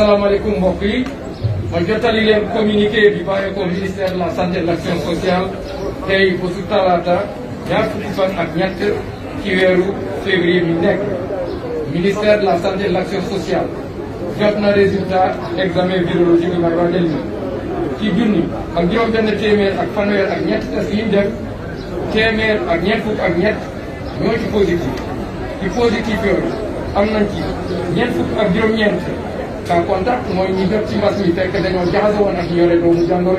asalaamaaleykum mbokk yi ma jottali leen communiqué bi bàyyi ko ministère de la santé de l'action sociale tey ba su fukki fan ak ñett ci weeru février nekk ministère de la santé et de l'action sociale jot na résultat examen virologique bi may wax del junni ak juróom-benn téeméer ak fanweer ak ñett test yi ñu def ak ñett fukk ak ñett ñoo ci positif ci positif yooyu am nañ ci fukk ak juróom-ñeent sans contact mooy ñi jot ci mbas mi fekk dañoo jaxasoo woon ak yore doomu jàngoro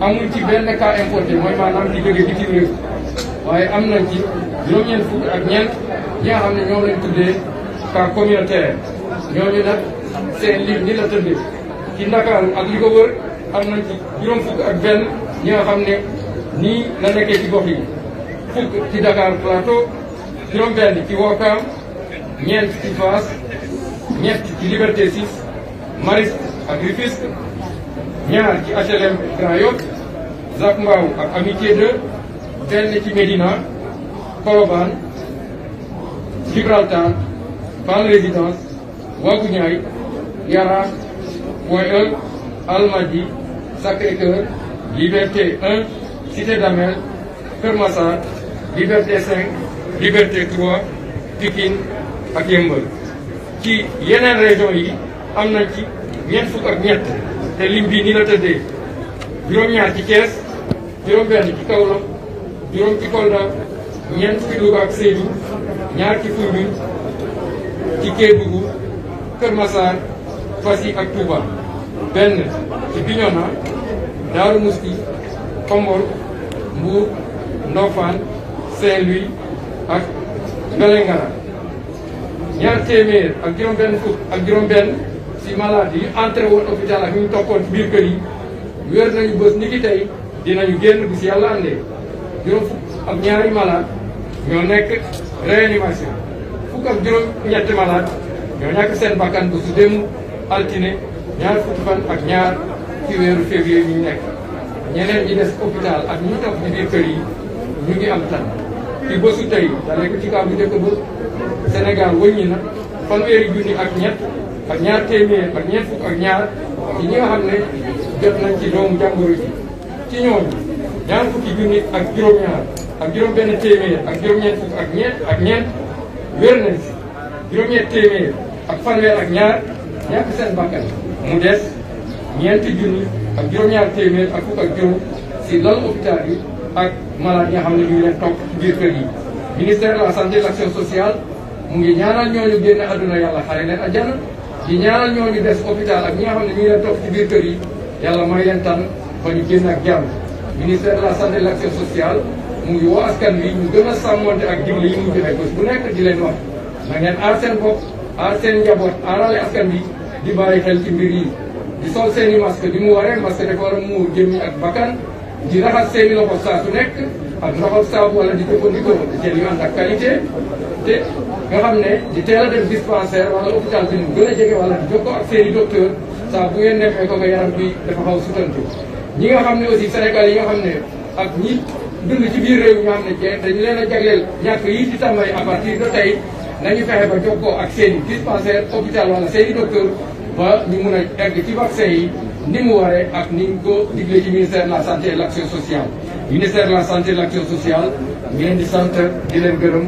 amul ci benn cas importé mooy maanaam li jóge bitim réew waaye am na ci juróom-ñeent fukk ak ñeent ñi nga xam ñoom lañ tuddee cas communautaire ñooñu nag seen lim ni la tëddee ci Ndakaaru ak li ko wër am na ci juróom fukk ak benn ñi nga xam ne nii la nekkee ci gox yi fukk ci Dakar Plateau juróom benn ci Ouakam ñeent ci Fass ñett ci Liberté 6 Mariste ak ñaar ci HLM Grand Yoff Zac ak Amitié 2 benn ci Médina Colobane Gibraltar Fann Résidence Waguñaay Yaraax Point E Almadies sacré Liberté 1 Cité d'Amel Keur Liberté Liberté 3 Pikine ak Yeumbeul ci yeneen région yi am nañ ci ñeent fukk ak ñett te lim bii nii la tëddee juróom-ñaar ci Thiès juróom-benn ci Kaolack juróom ci Kolda ñeent ci ak Sédhiou ñaar ci Foundiougne ci Kédougou Kër Massar Fassi ak Touba benn ci Bignona Darou Mousti Kombol Mbour Ndofane Saint-Louis ak Vélingara ñaar téeméer ak juróom-benn fukk ak juróom-benn si malade yu entré woon hôpital ak ñu toppoon ci biir kër yi wér nañu bés ni ki tey dinañu génn bu si yàlla àndee juróom fukk ak ñaari malade ñoo nekk réanimation fukk ak juróom-ñetti malade ñoo ñàkk seen bakkan bu su altine ñaar fukki fan ak ñaar ci weeru février ñu nekk ñeneen ñi des ak ñu topp ci biir kër yi ñu ngi am ci bësu tey dalee ko ci kaw bu njëkk ba Sénégal wëññi na fanweeri junni ak ñett ak ñaar téeméer ak ñeent fukk ak ñaar ci ñi nga jot nañ ci doomu jàngoro ji ci ñooñu ñaar fukki junni ak juróom-ñaar ak juróom-benn téeméer ak juróom-ñeent fukk ak ñeent ak ñeent wér nañ si juróom-ñeent téeméer ak fanweer ak ñaar ñàkk seen bakkan mu des ñeenti junni ak juróom-ñaar téeméer ak fukk ak juróom si lal hôpital yi ak malade ña xam ne ñu ngi leen topp ci biir kër la santé et l'action sociale mu ngi ñaanal ñooñu génn àdduna yàlla xare leen àjjana di ñaanal ñooñu des hôpital ak ñi nga xam ne ñu ngi ci biir kër yi yàlla may leen tan ba ñu génn ak jàmm. ministère de la santé et l'action sociale mu ngi woo askan wi ñu gën a sàmmonte ak digle yi mu joxe bés bu nekk di leen wax na ngeen aar seen bopp aar seen njaboot aarale askan wi di bàyyi xel ci mbir di sol seen di mu waree masque dafa ak bakkan. di raxas seeni loxo saa su nekk ak loxo saabu wala di jëfandikoo di jël yu ànd ak qualité te nga xam ne di teel a dem dispensaire wala hôpital bi ñu gën a jege wala di ak seeni docteur saa bu ngeen ko nga bi dafa xaw sutantu ñi nga xam ne aussi Sénégal yi yoo xam ne ak ñi dund ci biir réew ñoo xam ne jeen leen a jagleel yi ci tàmbali à partir de tey nañu fexe ba jokkoo ak seeni dispensaire hôpital wala seeni docteur ba ñu mun a egg ci vaccin yi ni mu waree ak ni ñu ko digle ministère de la santé et de l' action sociale ministère de santé de l' sociale ngeen di sant di leen gërëm.